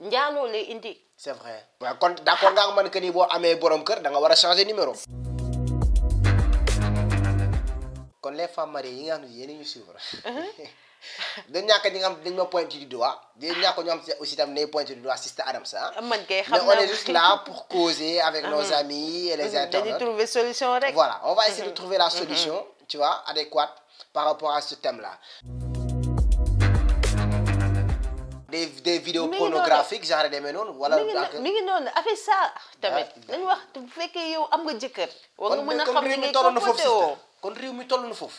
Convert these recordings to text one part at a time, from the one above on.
njaaloo lay indi. c'est vrai waaw kon d'accord nga man que ni boo amee borom kër da nga war a changer numéro. kon les femmes mariées yi nga xam ne yéen ñu suivre. Uh-huh. dañ ñàkk ñi nga xam dañ ma pointé du doigt dañ ñàkk ñu xam aussi tam ne pointé du doigt Sister Adams ah. ah man kay xam naa mais on est juste là pour causer avec uh-huh. nos amis et les uh-huh. internautes. dañuy trouver solution rek. voilà on va essayer de trouver la solution. tu vois adéquate par rapport à ce thème là. des des vidéos pornographiques genre demee noonu. wala ak mi ngi noonu affaire ça tamit. Ah, dañu wax bu fekkee yow am nga jëkkër. war nga mën a xam ni ngay comporté kon réew mi toll na foofu.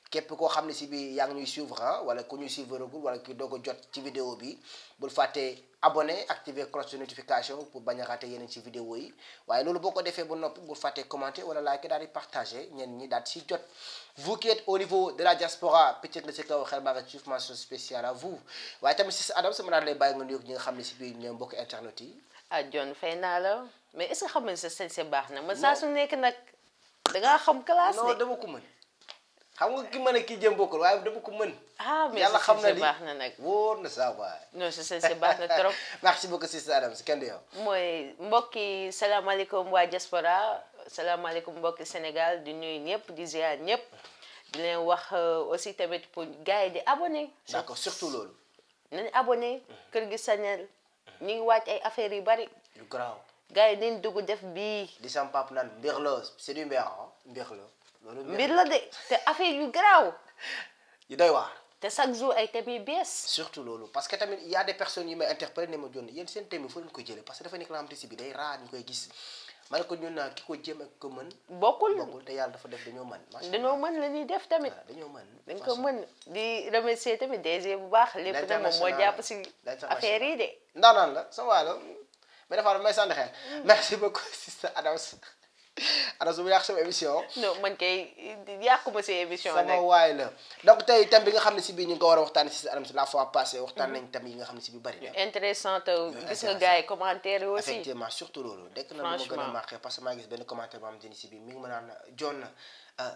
képp koo xam ne si bi yaa ngi ñuy suivre ah wala ku ñu suivre wala ki doog ko jot ci vidéo bi bul fàttee abonné activer cloche de notification pour bañ a raté yeneen ci vidéo yi waaye loolu boo ko defee ba noppi bul fàttee commenter wala like daal di partager ñenn ñi daal di si jot vous qui êtes au niveau de la diaspora petit être na si kaw xel baa nga ci mention spéciale à vous waaye tamit si Adam sama daal lay bàyyi nga nuyoog ñi nga xam ne si bi ñoom mbokk internet yi ah John fay naa la mais est-ce que xam nga sa sañ baax na ma saa su nekk nag dangaa xam classe non dama ko mën xam nga ki mën a kii jëm bokkul waaye dama ko mën. ah mais yàlla na baax na nag wóor na saa waay. non si si baax na trop. merci beaucoup Sister Adams si kenn du yow. mooy mbokk yi salaamaaleykum waa diaspora salaamaaleykum mbokki Sénégal di nuyu ñëpp di ziar ñëpp di leen wax euh, aussi tamit pour gars yi di abonné. d'accord surtout loolu. nañu abonné Kër gi Sanel mm-hmm. ñu ngi wàcc ay affaires yu bari. yu garaaw. gars yi nañu def bii. di sam pap naan mbir la c'est du mbir ah mbir la. C'est affaire yu te chaque jour ay surtout parce que y a des personnes qui m'interpellent interpellé ne ma Je parce que je ne la pas si day ko ñun ak ko mën. bokul te yalla dafa def la def tamit. dañ ko mën di remercier tamit DG bu baax. lépp affaire yi de. la mais dafa mm. merci beaucoup sister Adams. Anas bu mu sama émission. non man kay yàquma si émission sama waay la donc tey thème bi nga xam ne si biir ñu ngi war a waxtaan si anam si la fois passée waxtaan mhm. nañ thème yi nga xam ne si biir bari na. intéressant gis nga gars commentaire aussi. surtout loolu. franchement dekk na lu ma gën a marqué parce que maa gis benn commentaire boo xam ne si biir mi ngi mën a na joon na. Euh,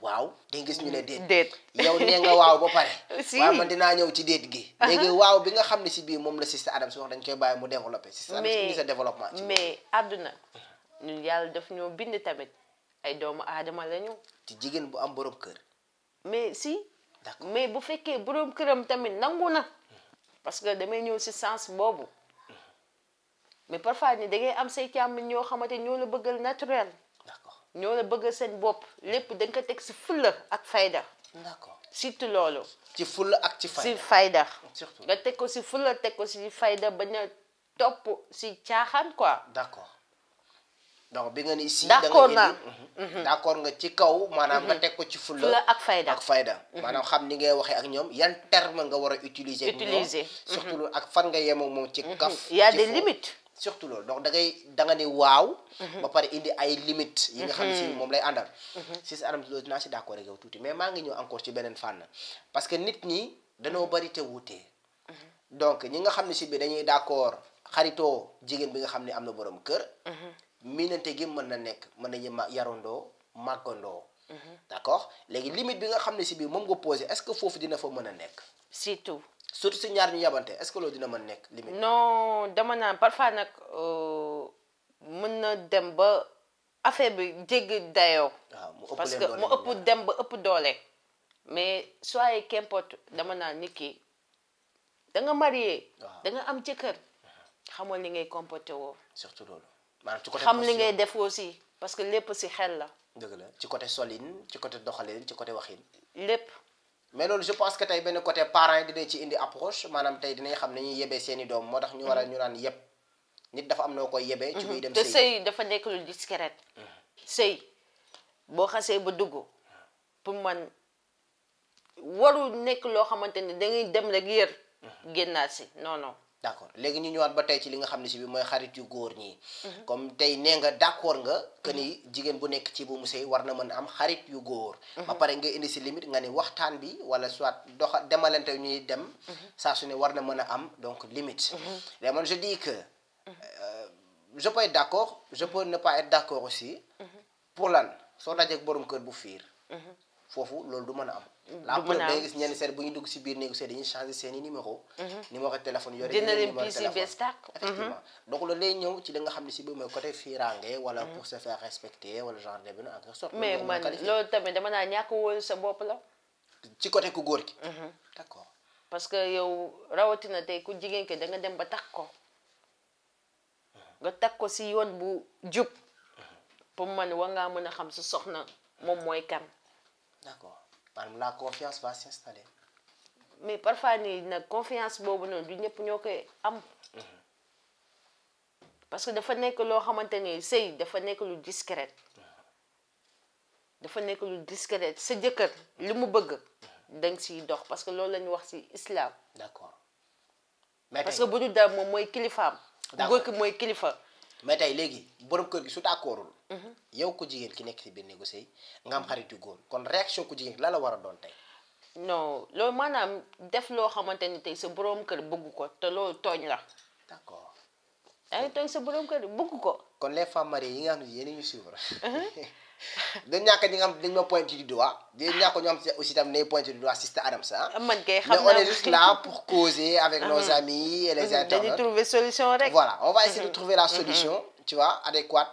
waaw di gis ñu ne déet déet nee nga waaw ba pare si waaw man dinaa ñëw ci déet gi léegi waaw bi nga xam ne si biir moom la Sister Adams wax dañ koy bàyyi mu développé Sister Adams indi sa mais àdduna ñun yàlla daf ñoo bind tamit ay doomu aadama lañu ci jigéen bu am borom kër mais si d'accord mais bu fekkee borom këram tamit nangu na parce que damay ñëw si sens boobu mm-hmm. mais parfois ni da ngay am say càmm ñoo xamante ñoo la bëggal naturel ñoo la bëgg seen bopp lépp dañ ko teg si fulla ak fayda. d'accord surtout loolu. ci fulla ak ci fayda fayda. nga teg ko si fulla teg ko si fayda bañ a topp si caaxaan quoi. d'accord donc bi nga ni si. d'accord naa mhm. Mhm. d'accord nga ci kaw. maanaam nga mhm. teg ko ci fulla. fulla ak fayda ak maanaam xam ni ngay waxee ak ñoom yan terme nga war a utiliser. utiliser surtout ak fan nga yemoo moom ci kaf. y a des surtout loolu donc da ngay da nga ne waaw. Mhm. ba pare indi ay limite yi nga xam si mhm. moom lay àndal. si sa anam dinaa si d' accord ak yow tuuti mais maa ngi ñëw encore ci beneen fànn parce que nit ñi dañoo bari te wuute. Mhm. donc ñi nga xam ne si bi dañuy d' accord xaritoo jigéen bi nga xam ne am na borom kër. minante gi mën na nekk mën nañu ma yarandoo màggandoo. d' accord léegi limite bi nga xam ne si bi moom nga posé est ce que foofu dina fa mën a nekk. surtout. surtout si ñaar ñu yabante est-ce dina mën nekk limite. non dama naan parfois nag euh, mën na dem ba affaire bi jéggi dayoo. parce ah, que mu ëpp dem ba ëpp doole. mais soit qu'importe dama naan nit ki da nga marié. da nga am jëkkër. xamoo li ngay comporté woo. surtout loolu. maanaam ci xam li ngay def aussi parce que lépp si xel la. dëgg la ci côté solin ci côté doxalin ci côté waxin. lépp. mais loolu je pense que tey benn côté parents yi dinañ ci indi approche maanaam tey dinañ xam ne ñuy yebee seen i doom moo tax ñu war a ñu naan yëpp nit dafa am noo koy yebee ci muy mhm. dem te sëy dafa nekk lu discret sëy boo xasee ba dugg pour man waru nekk loo xamante ne dangay dem rek yër mhm. génnaat si non d' accord léegi ñu ñëwaat ba tey ci li nga xam ne si bi mooy xarit yu góor ñi. Mhm. comme tey nee nga d' nga. que mhm. jigéen bu nekk ci bu mu sëy war na mën am xarit yu góor. Mhm. ba pare nga indi si limite nga ni waxtaan bi wala soit doxa demalante ñuy dem. saa su ne war na mën a am donc limite. mais man je dis que euh, je peux être d' accord je peux ne pas d' accord aussi. pour lan soo dajee ak borom kër bu fiir. foofu loolu du mën a am. la day gis ñenn seet bu dugg si biir néegu seet dañuy changé seen numéro mhm. numéro téléphone yore dina leen piis yi donc loolu lay ñëw ci li nga xam ne si bi mooy côté firange wala mhm. pour se faire respecter wala genre de en quelque sorte mais man loolu tamit dama naa ñàkk wóolu sa bopp la ci côté ku ki mhm. parce que yow ku da nga dem ba ko nga ko yoon bu pour man xam sa soxna kan par la confiance va s'installer mais parfois la confiance boobu noonu du ñëpp ñoo koy am mhm. parce que dafa nekk loo xamante ni sëy dafa que lu discret mhm. dafa nekk lu discret sa jëkkër li mu bëgg mhm. danga siy dox parce que loolu la ñu wax si islam d'accord parce que bu ñu dal moom mooy kilifaam góor ki mooy kilifa mais tey léegi borom kër gi su d'accordul mhm. yow ku jigéen ki nekk ci bi néegu sëy nga am xarit yu góor kon réaction ku jigéen ki la la war a doon tey non loolu maanaam def loo xamante ni tey sa borom kër bëgg ko te loolu tooñ la d'accord ay eh, tooñ sa borom kër bëgg ko kon les femmes mariées yi nga xam ne yéen ñu suivre mhm. da ñàkk ñi nga xam dañ ma du doigt da ñàkk ñom aussi tam né pointé du doigt sister Adam ça. Ah. Ah, man kay on est juste là pour causer avec ah, nos amis et les mhm, internautes trouver solution rek voilà on va essayer de mhm. trouver la mhm, solution tu vois adéquate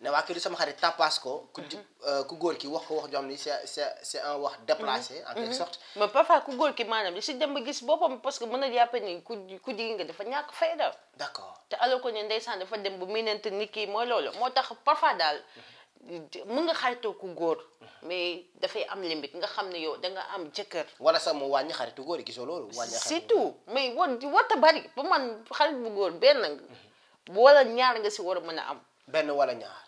ne waa kii du sama xarit tapas ko. ku mhm. euh, ku góor ki wax ko wax joo xam ni un wax déplacé. en quelque mhm. sorte mais parfois góor ki maanaam li si dem ba gis boppam parce que mën na jàpp ni ku ku jigéen nga dafa ñàkk fayda. d'accord te alors que ne ndeysaan dafa dem ba miinante nit ki mooy loolu moo tax parfois daal. Mhm. mën nga xaritoo ku góor mais dafay am limite nga xam ne yow da nga am jëkkër wala sax mu wàññi xaritu góor yi gisoo loolu wàññi surtout mais wa warta bari ba man xarit bu góor benn wala ñaar nga si war a mën a am benn wala ñaar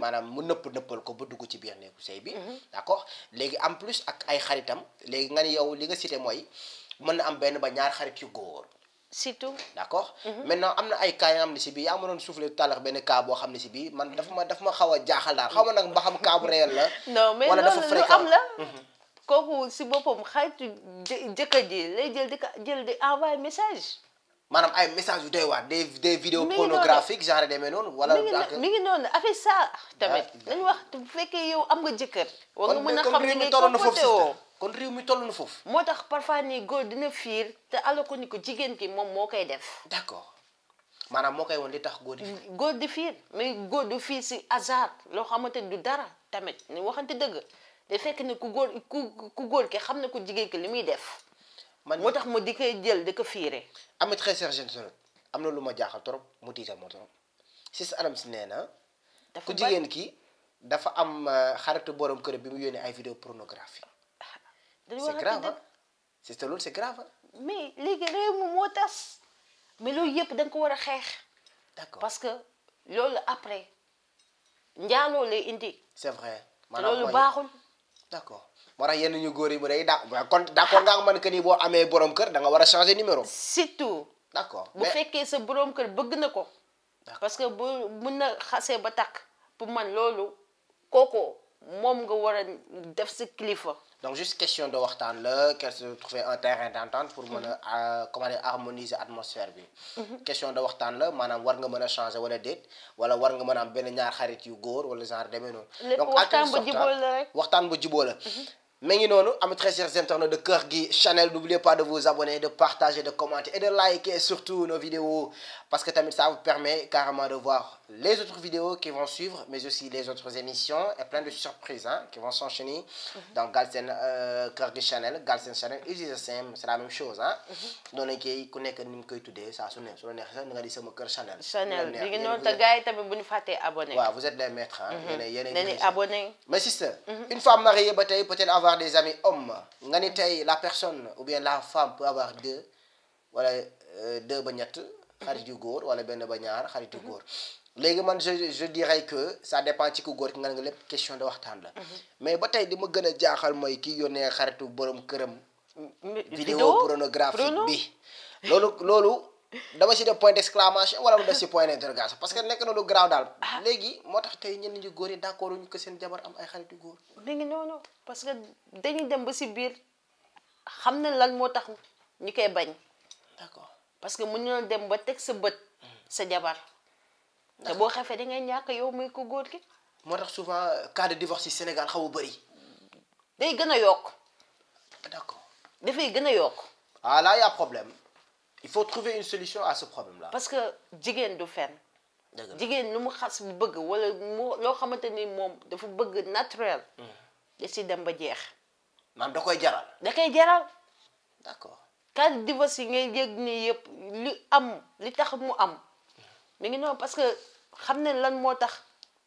maanaam mhm. mu nëpp nëppal ko ba dugg ci biir néegu sëy bi mhm. d'accord legi en plus ak ay xaritam léegi nga ni yow li nga cité mooy mën na am benn ba ñaar xarit yu góor surtout d'accord mhm. maintenant am na ay cas yoo xam ne si bii yaa ma doon soufflé talax benn cas boo xam ne si man dafa ma dafa ma xaw jaaxal daal xaw ma nag xam cas bu réel la wala dafa fréquent am la kooku si boppam xaritu jëkkër ji lay jël di jël di envoyé message maanaam ay message yu doy waar des des vidéos pornographiques genre demee noonu. wala mi ngi noonu affaire ça tamit. Ah, dañu wax bu fekkee yow am nga jëkkër. war nga mën a xam ni ngay comporté woo kon réew mi toll foofu. moo tax parfois nii góor dina fiir te alors ni ku jigéen ki moom moo koy def. d'accord maanaam moo koy woon li tax góor di. góor di fiir mais góor di fiir si hasard loo xamante ni du dara tamit ni waxante dëgg. da fekk ni ku góor ku ku góor ki xam ne ku jigéen ki li muy def. man moo tax ma di koy jël di ko fiire am na très cher jeune am na lu ma jaaxal trop mu tiital ma trop Ciss Adams nee na ku jigéen ki dafa am eh, xaritu borom kër bi mu yónnee ay vidéo pornographie c'est grave c'est loolu c'est grave mais léegi réew moo tas mais loolu yëpp da ko war a xeex d'accord parce que loolu après njaaloo lay indi c'est vrai te loolu baaxul d'accord moo tax yenn ñu góor yi bu day daa kon d'accord nga man que boo amee borom kër da war a changer numéro. surtout. d'accord bu fekkee sa borom kër bëgg na ko. parce que bu mun na xasee ba takk pour man loolu kooku moom nga war a def sa kilifa. donc juste question de waxtaan la question de trouver un pour mën a mm-hmm. euh, comment dire harmoniser atmosphère bi. Mm-hmm. question de waxtaan la maanaam war nga mën a changer wala déet wala war nga man a am benn ñaar xarit yu góor wala genre demee noonu. donc waxtaan ba jubóo la rek Mais nous, à mes très chers internautes de Cœur Guy Channel, n'oubliez pas de vous abonner, de partager, de commenter et de liker surtout nos vidéos parce que ça vous permet carrément de voir les autres vidéos qui vont suivre, mais aussi les autres émissions et plein de surprises hein, qui vont s'enchaîner mm -hmm. dans Galsen euh, Cœur Guy Channel, Galsen Channel, c'est la même chose. Hein. Donc, ils connaissent que nous sommes tous ça sonne, ça sonne, nous sonne, ça sonne, Channel. Channel, vous êtes les maîtres. Hein. Mhm. abonné. -hmm. Vous êtes les maîtres. Mais si c'est mhm. une femme mariée, peut-être avant avoir des amis hommes Ngani ni la personne ou bien la femme peut avoir deux voilà euh, deux ba ñett xarit yu góor wala ben ba ñaar xarit yu man je je dirais que ça dépend ci ku góor ki nga nga question de waxtan la mhm. mais ba tay dima gëna gën a jaaxal mooy kii yónnee xaritu borom kërëm vidéo pornographique bi Lolu lolu dama ci def point d'exclamation wala mu def ci point d'interrogation parce kan que nekk na lu garaaw daal. léegi moo tax tey ñu góor yi d'accord ñu ko seen jabar am ay xarit yu góor. mi ngi noonu parce que dañuy dem ba ci biir xam na lan moo tax ñu koy bañ. d'accord parce que mën na dem ba teg sa bët sa jabar. te boo xefee da ngay ñàkk yow muy ko góor souvent cas de divorce ci Sénégal day d'accord ah là y a problème. il faut trouver une solution à ce problème là. parce que jigéen du fenn. nous lu mu le bëgg wala mu loo xamante ni dafa bëgg naturel. Hmm. da si dem ba jeex. maanaam da koy jaral. da koy jaral. d'accord quand divorce yi ngay yëg nii yëpp li am li tax mu am. mi ngi parce que xam ne lan moo tax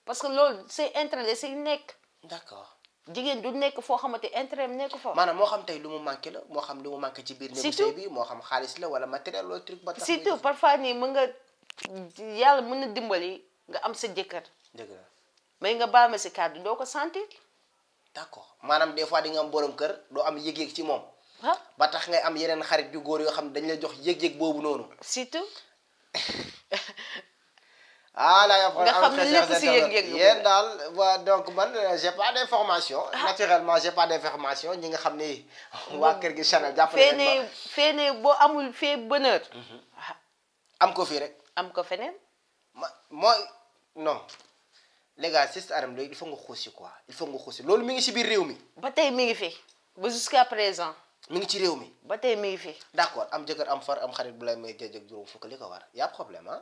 parce que loolu c'est intérêt c'est nek. d'accord. jigéen du nekk foo xamante intérêt am nekk foo. maanaam moo xam tey lu mu manqué la moo xam lu mu manqué ci biir. surtout néegu sëy bi moo xam xaalis la wala matériel loolu truc ba tax surtout parfois yàlla mën na dimbali nga am sa jëkkër. dëgg la mais nga baal ma si kàddu doo ko sentir. d' accord maanaam des fois di nga am borom kër doo am yëg ci moom. Ah. ba tax ngay am yeneen xarit yu góor yoo xam ne dañ la jox yëg-yëg boobu noonu. surtout. ah là il y' a problème dal donc Je euh, j'ai pas d'information. Ah. naturellement j'ai pas d'information ñi nga ni mmh. kër gi ne amul fé bonheur. Mmh. am ko rek. am ko non les gars c'est aram il faut nga xossi quoi il faut nga xossi lolou mi ngi ci biir réew mi. ba tay mi ngi fi jusqu'à présent. mi ngi ci réew mi. ba mi ngi fi. d'accord am jëkkër am far am xarit bu lay may fukk li ko war y' a problème hein?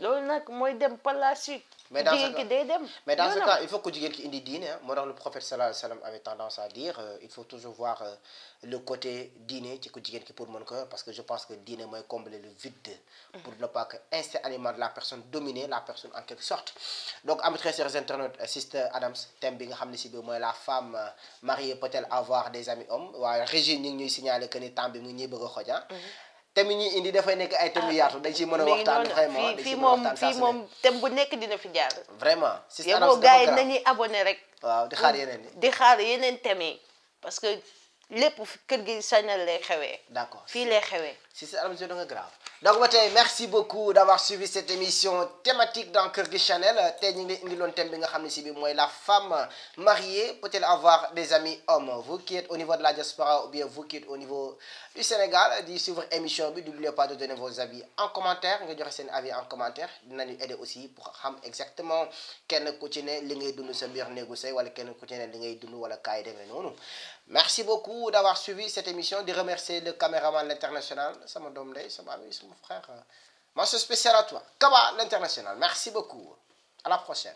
loolu nak mooy dem par mais dans jigéen mais dans ce cas il faut que jigéen ki indi diine ah. le prophète sallallahu alayhi wa sallam avait tendance à dire euh, il faut toujours voir euh, le côté diine ci ko jigéen ki pour mën ko parce que je pense que diine mooy combler le vide. pour ne pas que instinct de la personne domine la personne en quelque sorte. donc mes très chers internautes euh, sister Adams thème bi nga xam la femme mariée peut-elle avoir des amis hommes waaye Régine ñu ngi ñuy signaler que ni temps bi mu ngi bëgg thème yi ñuy indi dafay nekk ay thèmes yu ah, yaatu dañ ciy mën a waxtaan fii moom fii bu nekk dina fi jaar vraiment si yow gars yi nañuy abonné rek di xaar yeneen di xaar yeneen thèmes yi parce que kër d'accord si c'est un nga grave. donc merci beaucoup d'avoir suivi cette émission thématique dans Keur Gui Channel la femme mariée peut-elle avoir des amis hommes vous qui êtes au niveau de la diaspora ou bien vous qui êtes au niveau du Sénégal di suivre émission n'oubliez pas de donner vos avis en commentaire nga joxe seen avis en commentaire dinañu aider aussi pour savoir exactement kenn ku ci ne li ngay nous négocier ou néegu sëy wala kenn ku ci merci beaucoup d'avoir suivi cette émission, de remercier le caméraman l'international, ça me donne ça m'a c'est mon frère. c'est spécial à toi, Kaba l'international. Merci beaucoup. À la prochaine.